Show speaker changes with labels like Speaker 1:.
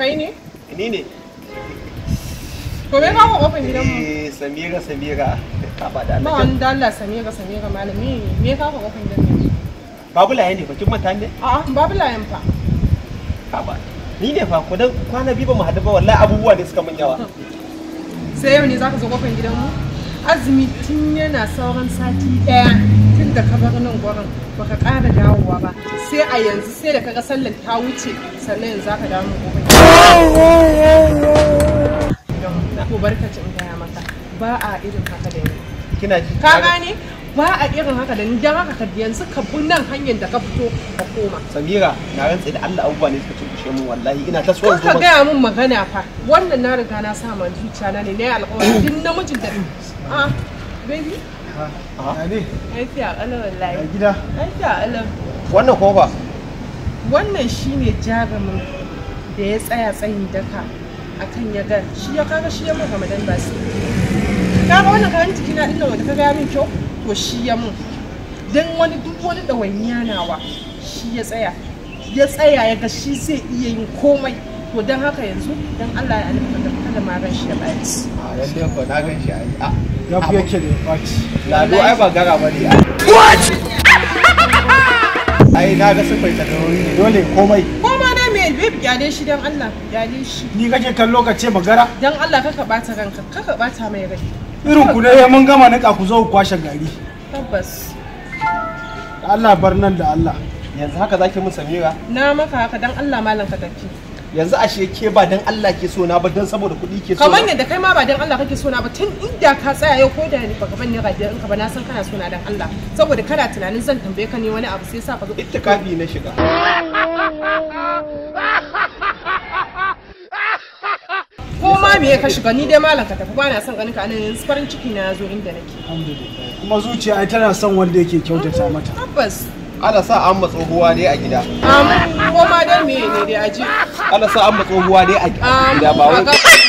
Speaker 1: kai ne ni ne
Speaker 2: to me ba mu kofin gidan mu
Speaker 1: eh samira samira ka ba da Allah
Speaker 2: ba Allah samira samira malami me ka ka kofin gidan mu
Speaker 1: babu laye ne fa kin manta ne
Speaker 2: a'a babu layen fa
Speaker 1: ka ba ni ne fa ko dan kwana biyu ba mu hadu ba wallahi abubuwa ne suka mun yawa
Speaker 2: sai yau ne zaka zo kofin gidan mu azumi tun yana sauran sati daya tun da ka bar nan gurin baka ƙara dawo dawowa ba sai a yanzu sai da kaga sallan ta wuce sannan yanzu zaka damu gobe ko barka barkacin gaya maka ba a irin haka da ni kina ji ka gane ba a irin haka da ni dan haka ka yanzu ka bi nan hanyar da ka fito ka koma
Speaker 1: samira na rantsa da Allah abubuwa ne suka tuntushe mu wallahi ina ta so ka gaya
Speaker 2: mun magana fa wannan na riga na sa man zuciya na ne na yi alƙawari duk namijin da a ah, baby ne? Aiki a ƙalar wallahi. A gida? Aiki a ƙalar. wannan ko ba wannan shi ne jarumin da ya tsaya tsayin daka kan ya ga shi ya kaga shi ya mun ramadan ba su kaga wannan kayan jiki na dinnan wanda kaga ya min kyau to shi ya mun dan wani duk wani dawainiya nawa shi ya tsaya ya tsaya ya ga shi zai iya yin komai to don haka yanzu don Allah ya alifin da kada ma ran shi ya ɓaci.
Speaker 1: A lalle ko na gan a yi. Ya fi yake da ya ɓaci. Lado ai ba gara ba ne. What? ai na ga sifar ta ne dole komai
Speaker 2: koma na me bai gyale shi dan Allah gyale shi
Speaker 1: ni kaje kan lokaci magara
Speaker 2: dan Allah kaka bata ranka kaka bata mai rai
Speaker 1: irin ku ne mun gama ka ku zo ku kwashe gari tabbas Allah bar nan da Allah yanzu haka zaki mun samira
Speaker 2: na maka haka dan Allah malam ka tafi
Speaker 1: yanzu ashe ke ba dan Allah ke so na ba dan saboda kuɗi ke so kamar yadda
Speaker 2: kai ma ba dan Allah kake so na ba tun inda ka tsaya yau ko da ni baka ban naira biyar in ka ba na san kana so na dan Allah saboda kana tunanin zan tambaye ka ne wani abu sai sa ka zo ittikafi na shiga ko ma me ka shiga ni dai malam ka tafi ba na son ganin ka anan yanzu farin ciki na zo inda nake alhamdulillah
Speaker 1: kuma zuciya tana son wanda yake kyautata mata
Speaker 2: tabbas ana sa an tsohuwa ne a gida ko ma dai me ne dai aji
Speaker 1: ana sa an tsohuwa ne a gida ba wai